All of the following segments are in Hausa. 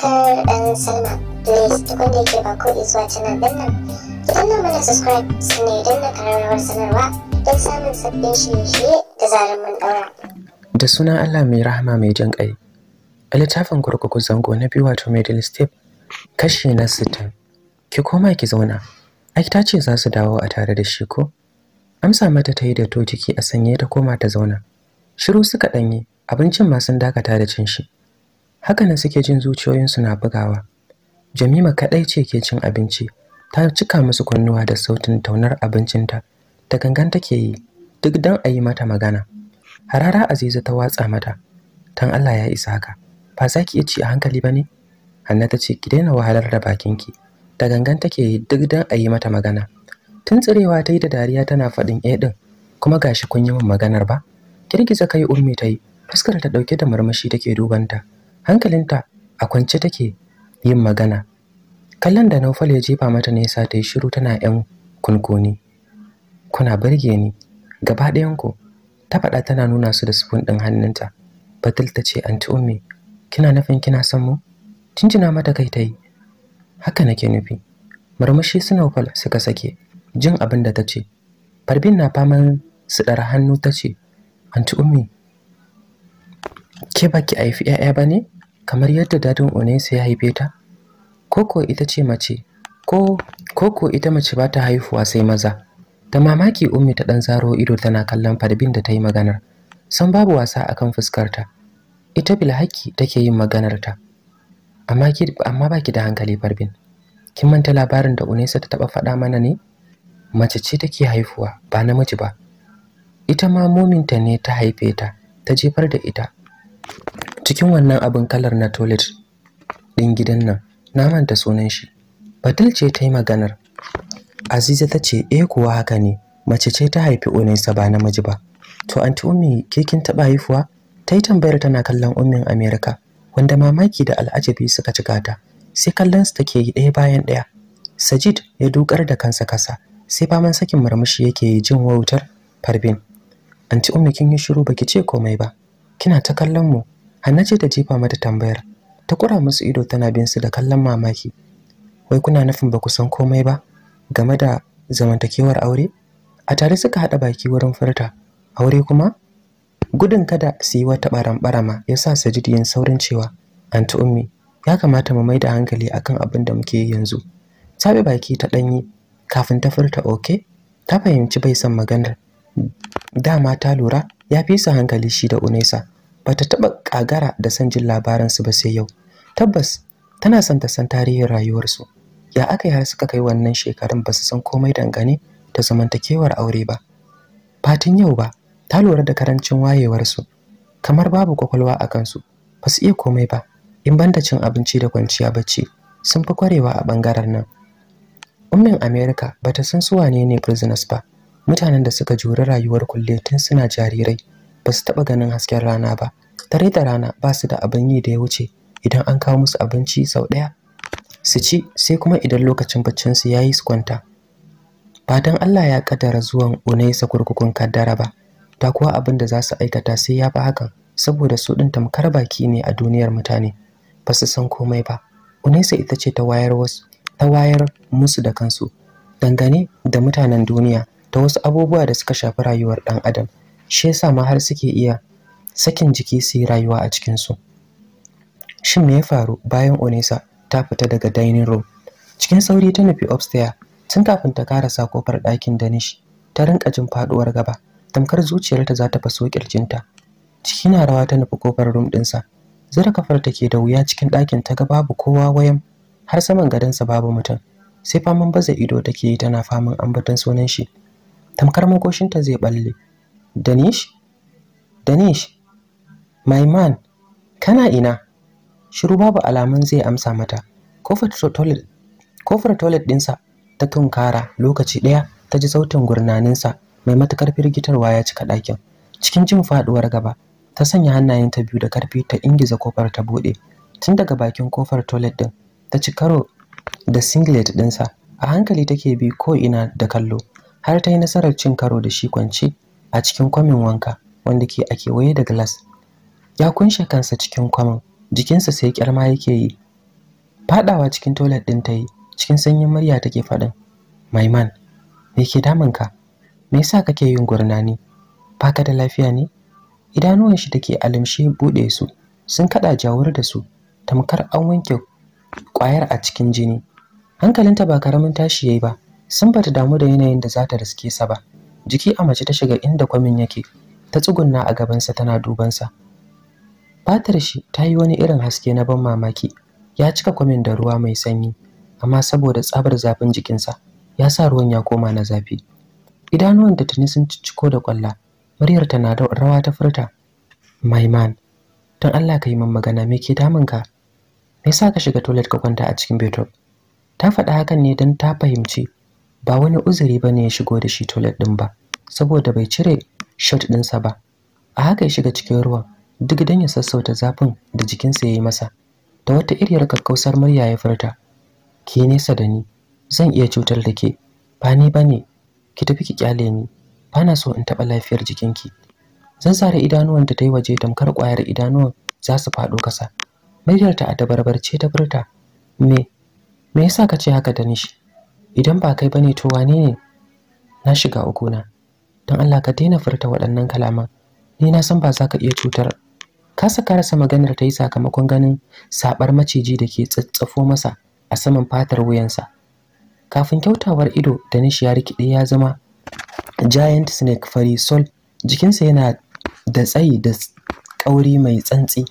subscribe and sign up. Please tukun da yake ba ko zuwa canal din nan. Ki danna mana subscribe sannan idan na kararrawar sanarwa don samun sabbin shirye-shirye da zarar mun daura. Da sunan Allah mai rahama mai jan ƙai. A littafin kurkuku zango na biyu wato middle step kashi na sittin. Ki koma ki zauna. Ai ta ce za su dawo a tare da shi ko? Amsa mata ta yi da to jiki a sanye ta koma ta zauna. Shiru suka ɗanye abincin ma sun dakata da cin shi. haka nan suke jin zuciyoyinsu na bugawa jamima kaɗai ce ke cin abinci ta cika musu kunnuwa da sautin taunar abincinta ta gangan take yi duk don a yi mata magana harara aziza ta watsa mata tan allah ya isa haka ba za ki iya ci a hankali ba ne hanna ta ce ki daina wahalar da bakin ki. ta gangan take yi duk don a yi mata magana tun tsirewa ta yi da dariya tana faɗin A eh ɗin kuma gashi kun yi min maganar ba girgiza kai ummi ta yi fuskar ta ɗauke da murmushi take dubanta hankalinta a kwance take yin magana kallon da Naufal ya jefa mata nesa ta yi shiru tana yan kunkuni kuna birge ni gaba ɗayanku ta faɗa tana nuna su da sufun ɗin hannunta batul ta ce anti ummi kina nufin kina san mu tunjina mata kai ta yi haka nake nufi murmushi su Naufal suka sake jin abin da ta ce farbin na faman su ɗara hannu ta ce anti ummi ke baki aifi 'ya'ya ba ne kamar yadda dadin onesa ya haife ta? Koko ita ce mace, ko koko ita mace ba ta haifuwa sai maza. ta mamaki Ummi ta dan zaro ido tana kallon Farbin da ta yi maganar. San babu wasa a akan fuskarta. Ita bilhaki take yin maganar ta. Amma ki amma baki da hankali Farbin. Kin manta labarin da Unesa ta taba faɗa mana ne? Mace ce take haifuwa, ba namiji ba. Ita ma mominta ne ta haife ta, ta jefar da ita cikin wannan abin kalar na toilet ɗin gidan nan na manta sunan shi batul ce ta yi maganar aziza ta ce eh kuwa haka ne mace ce ta haifi unaisa ba namiji ba to anti ummi ke kin taɓa haifuwa ta yi tambayar tana kallon ummin america wanda mamaki da al'ajabi suka cika ta sai kallon su take yi ɗaya bayan ɗaya sajid ya dukar da kansa kasa sai faman sakin marmushi yake yi jin wautar farbin anti ummi kin yi shiru baki ce komai ba kina ta kallon mu Hanna ce ta jefa mata tambayar. Ta kura musu ido tana bin su da kallon mamaki. Wai kuna nufin ba ku san komai ba game da zamantakewar aure? A tare suka haɗa baki wurin furta. Aure kuma? Gudun kada su yi wata ɓaran-ɓarama ya sa Sajid yin saurin cewa, Anti Ummi, ya kamata mu mai da hankali akan abin da muke yanzu. Tabe baki ta ɗanyi kafin ta furta oke, ta fahimci bai son maganar. Dama ta lura ya fi su hankali shi da unesa. bata taɓa ƙagara da san jin labaransu ba sai yau tabbas tana son ta san tarihin rayuwarsu ya aka yi har suka kai wannan shekarun ba su san komai dangane da zamantakewar aure ba fatin yau ba ta lura da karancin wayewarsu kamar babu kwakwalwa a kansu ba su iya komai ba in banda cin abinci da kwanciya bacci sun fi kwarewa a bangaren nan ummin america bata san su wane ne prisoners ba mutanen da suka juri rayuwar kulle tun suna jarirai ba su taɓa ganin hasken rana ba Tare da rana ba su da abin yi da ya wuce idan an kawo musu abinci sau ɗaya su ci sai kuma idan lokacin baccinsu ya yi su kwanta ba don allah ya kaddara zuwan unaisa kurkukun kaddara ba ta kuwa abin da za su aikata sai ya fi hakan saboda su ɗin tamkar baki ne a duniyar mutane ba su san komai ba unaisa ita ce ta wayar wasu ta wayar musu da kansu dangane da mutanen duniya ta wasu abubuwa da suka shafi rayuwar ɗan adam shi yasa ma har suke iya sakin jiki su yi rayuwa a cikinsu shin me ya faru bayan onesa ta fita daga dining room cikin sauri ta nufi upstairs tun kafin ta karasa kofar ɗakin danish ta rinka jin faɗuwar gaba tamkar zuciyarta za ta faso kirjinta ciki na rawa ta nufi kofar room ɗinsa zira kafar ta ke da wuya cikin ɗakin ta ga babu kowa wayan har saman gadonsa babu mutum sai faman baza ido take yi tana faman ambaton sunan shi tamkar makoshinta zai balle Danish? Danish, my man, kana ina? Shiru babu alamun zai amsa mata. Kofar toilet dinsa ta tunkara lokaci ɗaya ta ji sautin gurnaninsa mai matuƙar firgitarwa ya cika ɗakin. Cikin jin faɗuwar gaba, ta sanya hannayen ta biyu da ƙarfi ta ingiza kofar ta buɗe. Tun daga bakin kofar toilet ɗin, ta ci karo da singlet ɗinsa. A hankali take bi ko ina da kallo, har ta yi nasarar cin karo da shi kwance a cikin kwamin wanka wanda ke a kewaye da glass ya kunshe kansa cikin kwamin jikinsa sai kyarma yake yi fadawa cikin toilet din ta yi cikin sanyin murya take faɗin maiman me ke damunka me yasa kake yin gurnani ba ka da lafiya ne idanuwan shi take alimshe bude su sun kada jawur da su tamkar an wanke kwayar a cikin jini hankalinta ba karamin tashi yayi ba sun bata damu da yanayin da za ta riske sa ba jiki a mace ta shiga inda kwamin yake ta tsugunna a gabansa tana dubansa fatar shi ta yi wani irin haske na ban mamaki ya cika kwamin da ruwa mai sanyi amma saboda tsabar zafin jikinsa ya sa ruwan ya koma na zafi idanuwan da tuni sun cicciko da kwalla muryar ta na rawa ta furta my man don Allah ka yi min magana me ke damun ka me yasa ka shiga toilet ka kwanta a cikin bathtub ta faɗa hakan ne don ta fahimci ba wani uzuri ba ne ya shigo da shi toilet ɗin ba saboda bai cire shot ɗinsa ba a haka ya shiga cikin ruwan duk dan ya sassauta zafin da jikinsa ya yi masa da wata iriyar kakkausar murya ya furta ki nesa da ni zan iya cutar da ke ba ni ba ki tafi ki kyale ni ba na so in taɓa lafiyar jikin ki. zan sare idanuwan da ta yi waje tamkar ƙwayar idanuwan za su faɗo ƙasa muryarta a dabarbarce ta furta me me yasa ka ce haka nishi? idan ba kai bane to wane ne na shiga uku na don Allah ka daina furta waɗannan kalaman ni na san ba za ka iya cutar ka saka rasa maganar ta yi sakamakon ganin sabar maciji da ke tsatsafo masa a saman fatar wuyansa kafin kyautawar ido da nishi ya rikide ya zama giant snake fari sol jikinsa yana da tsayi da kauri mai tsantsi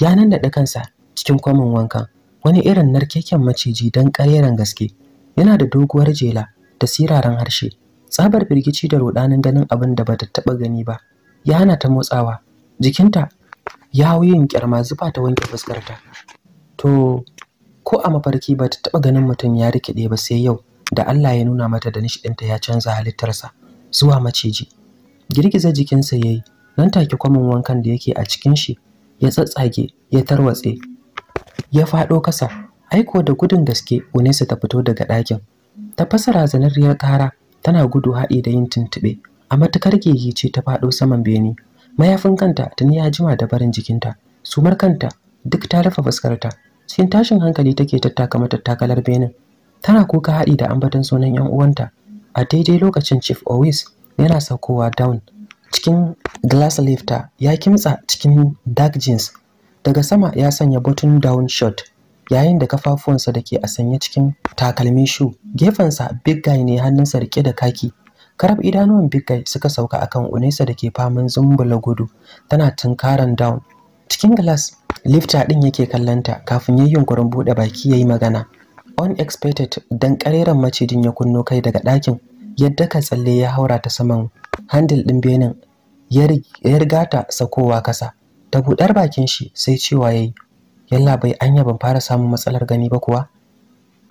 ya nan da kansa cikin kwamin wanka, wani irin narkeken maciji don ƙareren gaske yana da doguwar jela da siraran harshe tsabar firgici da rudanin ganin abin da bata taba gani ba ya hana ta motsawa jikinta ya hau yin kyarma zufa ta wanke fuskarta to ko a mafarki bata taba ganin mutum ya rikide ba sai yau da Allah ya nuna mata da nishidinta ya canza halittarsa zuwa maciji girgiza jikinsa yayi nan take kwamin wankan da yake a cikin shi ya tsatsage ya tarwatse ya faɗo kasa aiko da gudun gaske unesa ta fito daga ɗakin ta zanen razanarriyar ƙara tana gudu haɗi da yin tuntuɓe a matukar gigi ce ta faɗo saman bene. mayafin kanta tuni ya jima da barin jikinta sumar kanta duk ta rufe fuskarta cikin tashin hankali take tattaka mata takalar benin tana kuka haɗi da ambaton sunan yan uwanta a daidai lokacin chief owis yana saukowa down cikin glass lifter ya kimtsa cikin dark jeans daga sama ya sanya button down shirt yayin da kafafuwansa da ke a sanye cikin takalmin shu gefensa big guy ne hannunsa rike da kaki karab idanuwan big guy suka sauka akan unesa da ke faman zumbula gudu tana tunkaran down cikin glass lifta din yake kallanta kafin yayin yunkurin buɗe baki yayi magana unexpected dan kareren macijin ya kunno kai daga ɗakin yadda ka tsalle ya haura ta saman handle din benin ya riga sakowa kasa Ta buɗar bakin shi sai cewa yayi yalla bai anya ban fara samun matsalar gani ba kuwa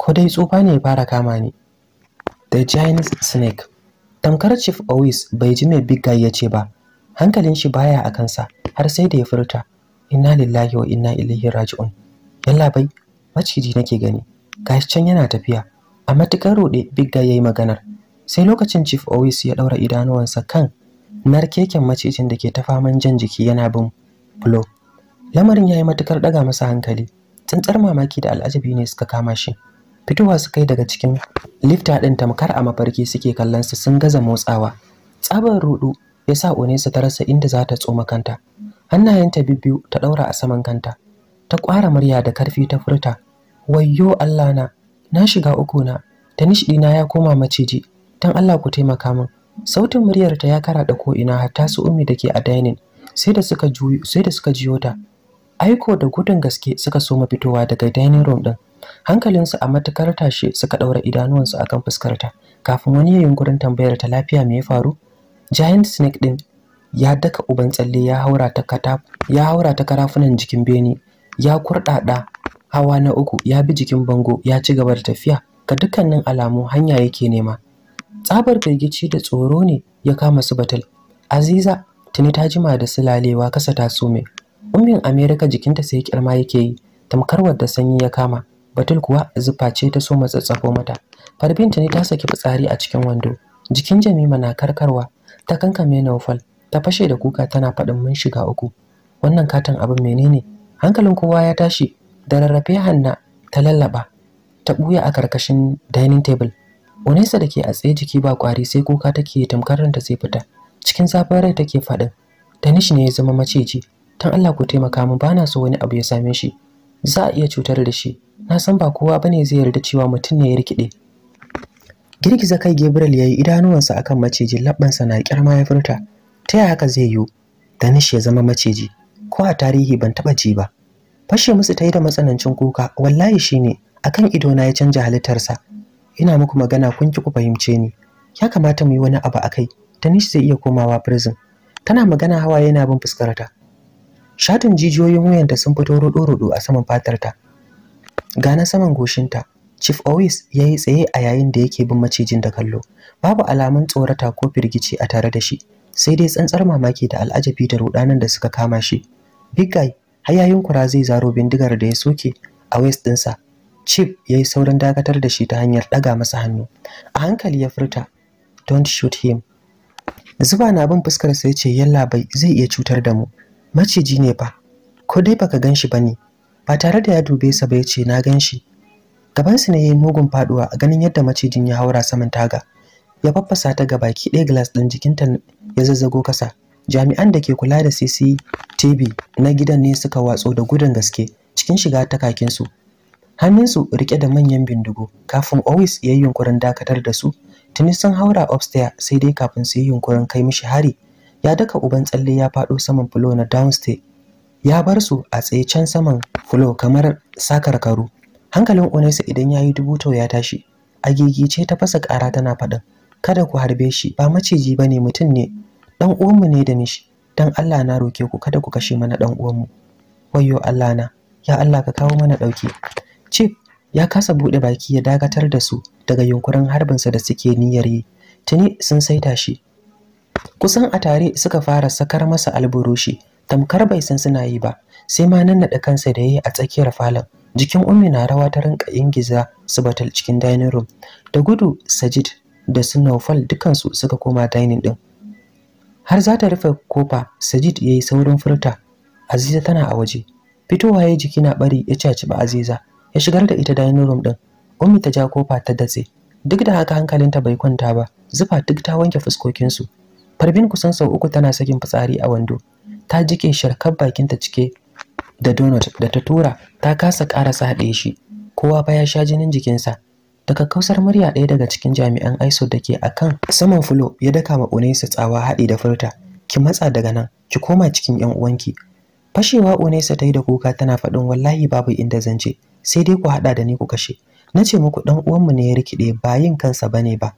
ko dai tsufa ne ya fara kama ni the giant snake tamkar chief Owis bai ji mai big guy ya ce ba hankalin shi baya a kansa har sai da ya furta inna lillahi wa inna ilaihi raji'un yalla bai maciji nake gani gashi can yana tafiya a matukar rode big guy yayi maganar sai lokacin chief Owis ya daura idanuwansa kan narkeken macijin da ke ta faman jan jiki yana bin flow lamarin ya yi matukar ɗaga masa hankali tsantsar mamaki da al'ajabi ne suka kama shi fitowa su kai daga cikin lifta ɗin tamkar a mafarki suke kallon su sun gaza motsawa tsabar rudu ya sa onesa ta rasa inda za ta tsoma kanta hannayenta bibbiyu ta ɗaura a saman kanta ta ƙwara murya da karfi ta furta wayyo allah na na shiga uku na tanish na ya koma maciji dan allah ku taimaka min sautin muryarta ya karaɗa ko ina hatta su umi da ke a dainin sai da suka juyo sai da suka jiyo ta aiko da gudun gaske suka soma fitowa daga dining room din hankalinsu a matukar tashi suka daura idanuwansu akan fuskarta kafin wani yayin gurin tambayar ta lafiya me ya faru giant snake din ya daka uban tsalle ya haura ta kata ya haura ta karafunan jikin beni ya kurdada hawa na uku ya bi jikin bango ya ci gaba da tafiya ga dukkanin alamu hanya yake nema tsabar firgici da tsoro ne ya kama su batul aziza tuni ta jima da sulalewa kasa ta sume ummin amerika jikinta sai kirma yake yi tamkar wadda sanyi ya kama batul kuwa zufa ta so matsatsafo mata farbinta ne ta saki fitsari a cikin wando jikin jamima na karkarwa ta kankame naufal ta fashe da kuka tana faɗin mun shiga uku wannan katon abin menene hankalin kowa ya tashi da rarrafe hanna ta lallaba ta buya a karkashin dining table unesa da ke a tsaye jiki ba kwari sai kuka take tamkar ranta sai fita cikin zafin rai take faɗin tanish ne ya zama maciji don Allah ku taimaka min bana so wani abu ya same shi za a iya cutar da shi na san ba kowa bane zai yarda cewa mutum ne ya rikide girgiza kai Gabriel yayi idanuwansa akan maciji labbansa na kirma ya furta ta yaya haka zai yiwu Danish ya zama maciji ko a tarihi ban taba ji ba fashe musu tayi da matsanancin kuka wallahi shine akan ido na ya canja halittarsa ina muku magana kun ki ku fahimce ni ya kamata mu yi wani abu akai Danish zai iya komawa prison tana magana hawaye yana bin fuskarta shatin jijiyoyin wuyanta sun fito rudu-rudu a saman fatarta ga na saman goshinta chief owis ya yi tsaye a yayin da yake bin macijin da kallo babu alamun tsorata ko firgici a tare da shi sai dai tsantsar mamaki da al'ajabi da rudanan da suka kama shi big guy har kura zai zaro bindigar da ya soke a waist ɗinsa Chief ya yi saurin dakatar da shi ta hanyar ɗaga masa hannu. A hankali ya furta, "Don't shoot him." Zuba na bin fuskar sai ce yalla bai zai iya cutar da mu. maciji ne ba ko dai baka gan shi ba ne ba tare da ya dube sa ba ya ce na gan shi gabansu ne ya yi mugun faduwa a ganin yadda macijin ya haura saman taga ya faffasa ta ga baki ɗaya glas ɗin jikinta ya zazzago kasa jami'an da ke kula da cctv na gidan ne suka watso da gudun gaske cikin shiga ta kakinsu hannunsu rike da manyan bindigo kafin always ya yi yunkurin dakatar da su tuni sun haura upstairs sai dai kafin su yi yunkurin kai mishi hari ya daka uban tsalle ya faɗo saman fulo na downstay ya bar su a tsaye can saman fulo kamar sakar karu. hankalin onesa idan ya yi dubuto ya tashi agigice ta fasa ƙara tana faɗin kada ku harbe shi ba maciji ba ne mutum ne ɗan uwanmu ne da nishi don allah na roke ku kada ku kashe mana ɗan uwanmu wayyo allah na ya allah ka kawo mana ɗauki chief ya kasa buɗe baki ya dakatar da su daga yunkurin harbinsa da suke niyyar yi tuni sun saita shi kusan a tare suka fara sakar masa alburushi tamkar bai san suna yi ba sai ma nan da kansa da yayi a tsakiyar falon jikin ummi na rawa ta rinka ingiza su batal cikin dining room da gudu sajid da su naufal dukansu suka koma dining din har za ta rufe kofa sajid ya yi saurin furta aziza tana a waje fitowa ya jiki na bari ya caci ba aziza ya shigar da ita dining room din ummi ta ja kofa ta datse duk da haka hankalinta bai kwanta ba zufa duk ta wanke fuskokinsu farbin kusan sau uku tana sakin fitsari a wando ta jike sharkar bakinta cike da donut da ta tura ta kasa karasa haɗe shi kowa ya sha jinin jikinsa daga kausar murya ɗaya daga cikin jami'an aiso da ke a kan. saman fulo ya daka ma Unesa tsawa haɗi da furta ki matsa daga nan ki koma cikin yan uwanki fashewa Unesa ta yi da kuka tana faɗin wallahi babu inda zan je sai dai ku haɗa da ni ku kashe na ce muku ɗan uwanmu ne ya rikide ba yin kansa bane ba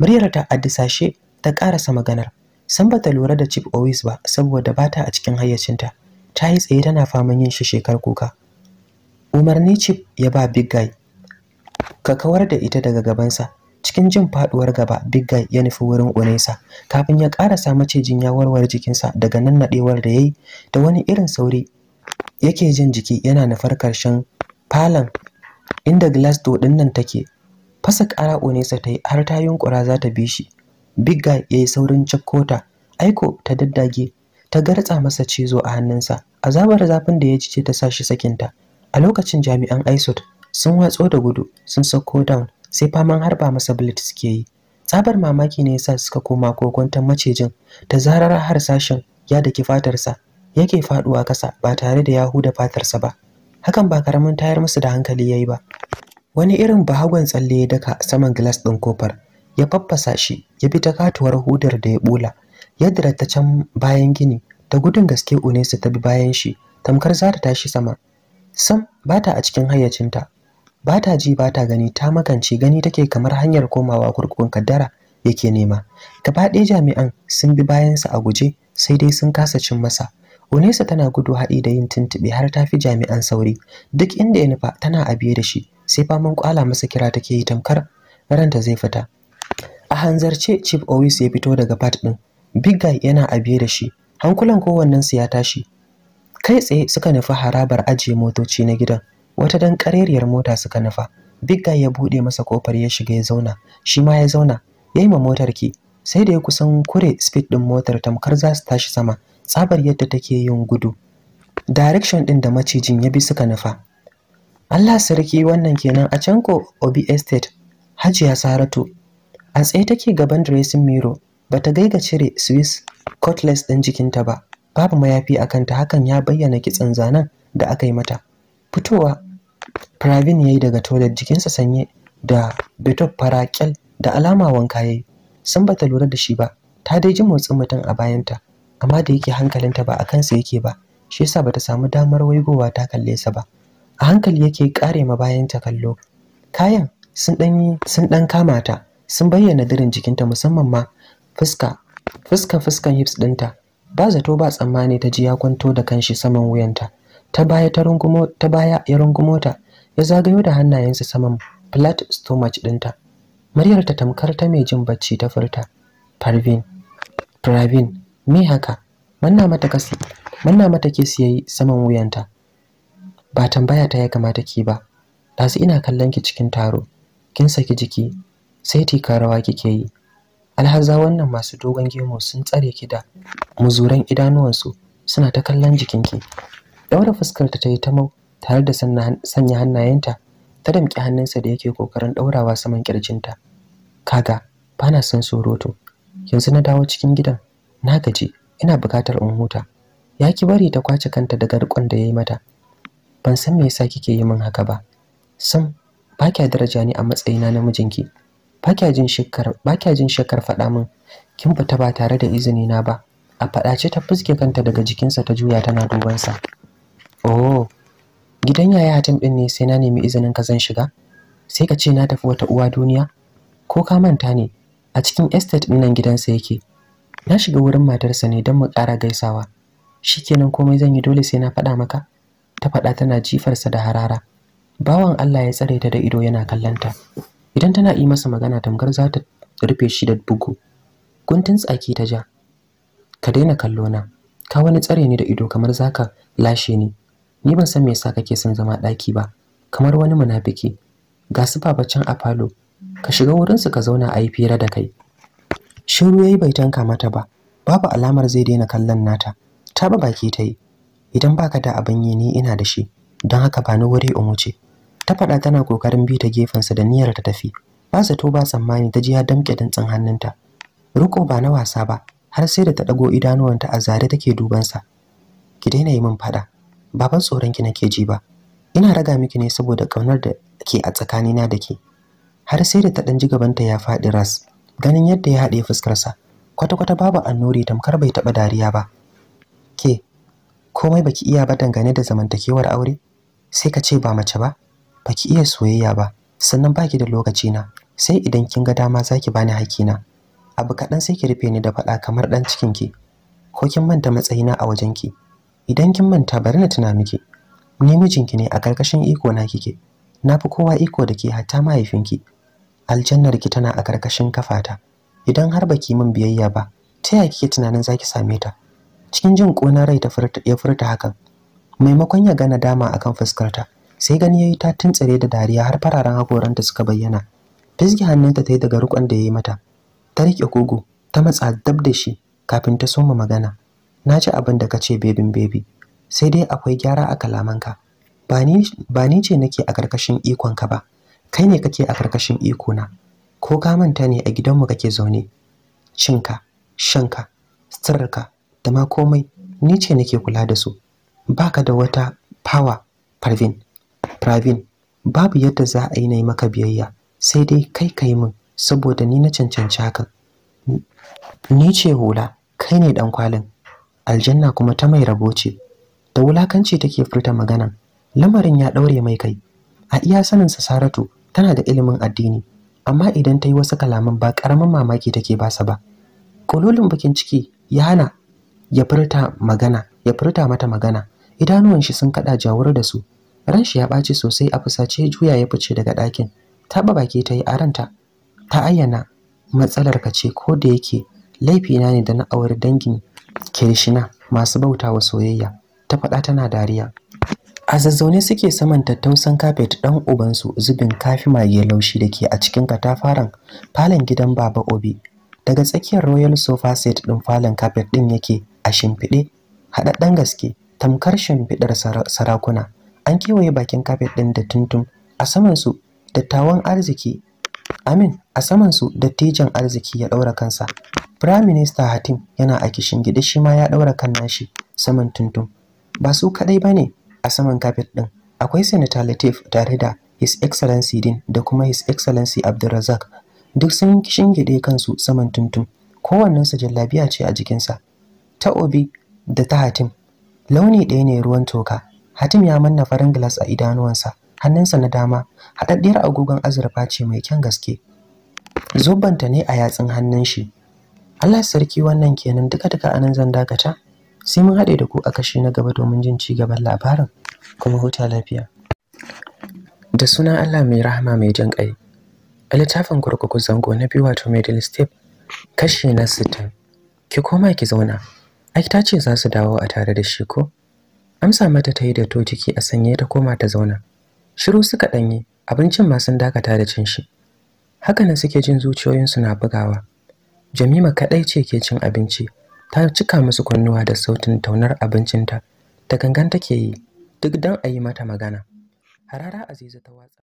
muryar ta addisashe ta ƙarasa maganar san ba ta lura da Chief Owis ba saboda ba ta a cikin hayyacinta ta yi tsaye tana faman yin shi shekar kuka umarni Chief ya ba Big Guy ka kawar da ita daga gabansa cikin jin faɗuwar gaba Big Guy ya nufi wurin Unesa kafin ya ƙarasa macijin ya warware jikinsa daga nan nadewar da yayi da wani irin sauri yake jin jiki yana nufar karshen falon inda glass door din nan take fasa ƙara Unesa ta yi har ta yunkura za ta bi shi big guy yi saurin cakkota aiko ta daddage ta garza masa cizo a hannunsa azabar zafin da ya ji ce ta shi sakinta a lokacin jami'an isot sun watso da gudu sun sauko down sai faman harba masa bullet suke yi tsabar mamaki ne yasa suka koma ta macejin, ta zarar har sashen ya daki fatarsa yake faduwa kasa ba tare da ya huda fatarsa ba hakan ba karamin tayar musu da hankali yayi ba wani irin bahagon tsalle ya daka saman glass din kofar ya faffasa shi ya bi ta katuwar hudar da ya bula ya dira ta can bayan gini da gudun gaske unesa ta bi bayan shi tamkar za ta tashi sama sam ba ta a cikin hayyacinta ba ta ji ba ta gani ta magance gani take kamar hanyar komawa kurkukun kaddara yake nema gaba ɗaya jami'an sun bi bayansa a guje sai dai sun kasa cin masa unesa tana gudu haɗi da yin tuntuɓe har ta fi jami'an sauri duk inda ya nufa tana a biye da shi sai faman kwala masa kira take yi tamkar ranta zai fita hanzarce Chief Owis ya fito daga part ɗin. Big Guy yana a biye da shi. Hankulan kowannen kowannensu ya tashi. Kai tsaye suka nufi harabar ajiye motoci na gidan. Wata dan ƙarerriyar mota suka nufa. Big Guy ya buɗe masa kofar ya shiga ya zauna. Shi ma ya zauna. Ya yi ma motar ki. Sai da ya kusan kure speed ɗin motar tamkar za su tashi sama. Tsabar yadda take yin gudu. Direction ɗin da macijin ya bi suka nufa. Allah sarki wannan kenan a can ko Obi Estate. Hajiya Saratu a tsaye take gaban dressing mirror bata gaiga cire swiss cutlass ɗin jikinta ba babu mayafi a kanta hakan ya bayyana kitsan zanen da aka yi mata fitowa pravin yayi daga toilet jikinsa sanye da bitok farakel da alama wanka yayi san bata lura da shi ba ta dai ji motsin mutum a bayanta amma da yake hankalinta ba a kansa yake ba shi yasa bata samu damar waigowa ta kalle sa ba a hankali yake kare ma bayanta kallo kayan sun ɗan kama ta sun bayyana dirin jikinta musamman ma fuska fuska fuskan hips dinta, ba zato ba tsammani ta ji ya kwanto da kanshi saman wuyanta ta baya ta rungumo ta baya ya rungumo ta ya zagayo da hannayensa saman flat stomach dinta. muryar ta tamkar ta mai jin bacci ta furta parvin Parvin me haka manna mata kasi manna mata ke siyayi saman wuyanta ba tambaya ta ya kamata ki ba ɗazu ina kallon ki cikin taro kin saki jiki sai tikarawa kike yi alhaza wannan masu dogon gemu sun tsare ki da muzuran idanuwansu suna ta kallon jikinki daura fuskar ta yi ta mau tare da sanya hannayenta ta damƙi hannunsa da yake kokarin ɗaurawa saman kirjinta kaga bana son surutu yanzu na dawo cikin gidan na gaji ina bukatar in huta ya ki bari ta kwace kanta daga rikon da yayi mata ban san me yasa kike yi min haka ba sam ba kya daraja ni a matsayina na mijinki ba kya jin shakkar faɗa min kin fita ba tare da izini na ba a faɗace ta fuske kanta daga jikinsa ta juya tana dubansa oh gidan yaya hatim ɗin ne sai na nemi izinin ka zan shiga sai ka ce na tafi wata uwa duniya ko ka manta ne a cikin estate ɗin nan gidansa yake na shiga wurin matarsa ne don mu ƙara gaisawa shikenan komai zan yi dole sai na faɗa maka ta faɗa tana jifarsa da harara bawan Allah ya tsare ta da ido yana kallanta idan tana yi masa magana tamkar za ta rufe shi da bugu guntun tsaki ta ja ka daina kallo na ka wani tsare ne da ido kamar zaka lashe ni ni ban san me yasa kake son zama daki ba kamar wani munafiki ga su can a falo ka shiga wurin su ka zauna a yi fira da kai shiru yayi bai tanka mata ba babu alamar zai daina kallon nata ta ba baki ta yi idan baka da abin yi ni ina da shi don haka ba ni wuri in wuce ta faɗa tana kokarin bi ta gefensa da niyyar ta tafi ba to ba tsammani ta ji ya damƙe dantsin hannunta riko ba na wasa ba har sai da ta ɗago idanuwanta a zare take duban sa ki daina yi min faɗa baban tsoron ki nake ji ba ina raga miki ne saboda ƙaunar da ke a tsakanina da ke har sai da ta ɗan ji gabanta ya faɗi ras ganin yadda ya haɗe fuskarsa kwata-kwata babu annori tamkar bai taɓa dariya ba ke komai baki iya ba dangane da zamantakewar aure sai ka ce ba mace ba baki iya soyayya ba sannan baki da lokaci na sai idan kin ga dama zaki bani na abu kaɗan sai ki rufe ni da faɗa kamar ɗan cikin ki ko kin manta matsayina a wajen ki idan kin manta bari na tuna miki ni mijinki ne a karkashin iko na kike na fi kowa iko da ke hatta mahaifinki aljannar ki tana a ƙarƙashin kafata idan har baki min biyayya ba ta yaya kike tunanin zaki same ta cikin jin ƙonar rai ta ya furta hakan maimakon ya gana dama akan fuskarta sai gani yayi ta tuntsare da dariya har fararen hakoranta suka bayyana fizgi hannunta ta yi daga rukon da ya yi mata ta rike kogo ta matsa dab da shi kafin ta soma magana na ji abin da ka ce bebin bebi sai dai akwai gyara a kalamanka ba ni ce nake a ƙarƙashin ikonka ba kai ne kake a ƙarƙashin ikona ko ka manta ne a gidanmu kake zaune cinka shanka sirrika da ma komai ni ce nake kula da su baka da wata power parvin Pravin, babu yadda za a yi na yi maka biyayya, sai dai kai ka yi min, saboda ni na cancanci hakan. Ni ce hula, kai ne ɗan kwalin, aljanna kuma ta mai rabo ce. Da wulakanci take furta magana, lamarin ya ɗaure mai kai. A iya saninsa Saratu tana da ilimin addini, amma idan ta yi wasu kalaman ba ƙaramin mamaki take basa ba. Kololin bakin ciki ya hana ya furta magana, ya furta mata magana, idanuwan shi sun kaɗa jawur da su, ran shi ya ɓaci sosai a fusace juya ya fice daga ɗakin taɓa baki ta yi aranta ta ayyana matsalar ka ce ko da yake na ne da na auri dangin kirshina masu bautawa soyayya ta faɗa tana dariya a zazzaune suke saman tattausan kafet ɗan ubansu zubin kafi mage laushi da ke a cikin katafaren falon gidan baba obi daga tsakiyar royal sofa set ɗin falon kafet ɗin yake a shimfiɗe haɗaɗɗen gaske tamkar shimfiɗar sarakuna an kewaye bakin kafet ɗin da tuntun a samansu dattawan arziki amin a samansu dattijan arziki ya ɗaura kansa Prime Minister Hatim yana a kishin gida shi ma ya ɗaura kan nashi saman tuntun ba su kaɗai ba ne a saman kafet ɗin akwai Senator Latif tare da His Excellency Din da kuma His Excellency Abdulrazak duk sun shingide kansu saman tuntun kowannensu jallabiya ce a jikinsa ta obi da ta hatim launi ɗaya ne ruwan toka Hatim ya manna farin glass a idanuwansa, hannunsa na dama haɗaɗɗiyar agogon azurfa ce mai kyan gaske. Zubbanta ne a yatsun hannun shi. Allah sarki wannan kenan duka duka anan zan dakata. Sai mun haɗe da ku a kashi na gaba domin jin ci gaban labarin kuma huta lafiya. Da suna Allah mai rahama mai jin ƙai. A littafin kurkuku zango na biyu wato middle step kashi na sittin. Ki koma ki zauna. Ai ta ce za su dawo a tare da shi ko? amsa mata ta yi da to jiki a sanye ta koma ta zauna shiru suka ɗanye abincin ma sun dakata da cin shi haka nan suke jin zuciyoyinsu na bugawa jamima kaɗai ce ke cin abinci ta cika musu kunnuwa da sautin taunar abincinta ta gangan ke yi duk don a yi mata magana harara aziza ta watsa